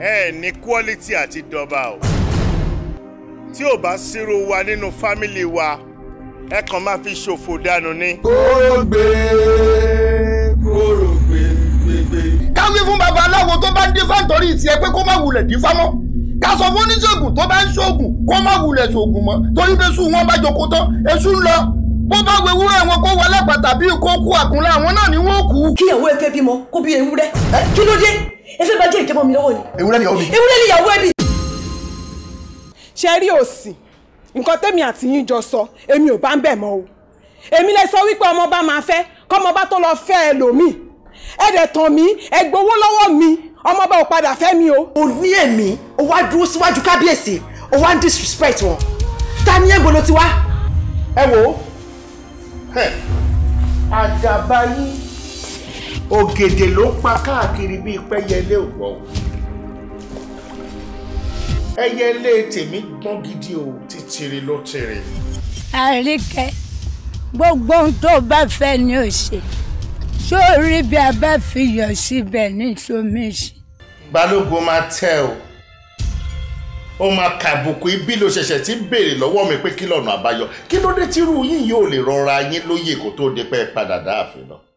ẹ ní quality àti dọba o tí ò bá sírò wa nínú fámìlì wa ẹ kàn máa fi ṣòfò dànù ni. kóró gbé kóró gbé gbégbé. ká wí fún babaláwo tó bá ń dífá nítorí ìtìẹ pé kó má wulẹ̀ dífá mọ́ ká sọ fún oníṣègùn tó bá ń ṣoògùn kó má wulẹ̀ ṣoògùn mọ́ torí pé sùn wọn bá jókòó tán èṣù ń lọ bó bá wo ewúrẹ́ wọn kó wọlé pàtàkì kó kú àkúnlẹ̀ àwọn náà ni wọ́n kú. kíyàwó ẹ fẹ́ bímọ kó bí ewúrẹ́ kí ló dé ẹ fẹ́ bá jẹ́ ìjẹ́bọ mi lọ́wọ́ ni. ewúrẹ́ níyàwó mi. ewúrẹ́ níyàwó ẹbí. ṣe rí òsì nǹkan tẹ́mi àti yín jọ sọ èmi ò bá ń bẹ̀ mọ́ o èmi lè sọ wípé ọmọ bá máa fẹ́ kọ́mọ bá tó lọ fẹ́ ẹ lòmíì ẹ dẹ̀ tàn mí ẹ gbowó lọ́wọ́ mi ọmọ bá ò padà fẹ́ mi o. o ní èmi o wá dúró síwájú kábíyèsí o wá ń disrespect wọn ta ni ẹ̀gbọ́n ló ti wá. ẹ wo àjàbá yín ògèdè ló ń pa káàkiri bíi pẹ́yẹlé òwò ẹyẹlé tèmi gbọ́n gidi o títìrì ló tìrì. àríkẹ́ gbogbo ohun tó bá fẹ́ ni ó ṣe ṣó rí bí a bá fi yọ̀ síbẹ̀ ní sọmíṣì. balógun máa tẹ o ó máa kàbùkù ibi ló ṣẹ̀ṣẹ̀ ti béèrè lọ́wọ́ mi pé kí lọ́nà àbáyọ kí ló dé tírú yín yóò lè rọra yín lóye kó tóó di pé padà dáàfin náà.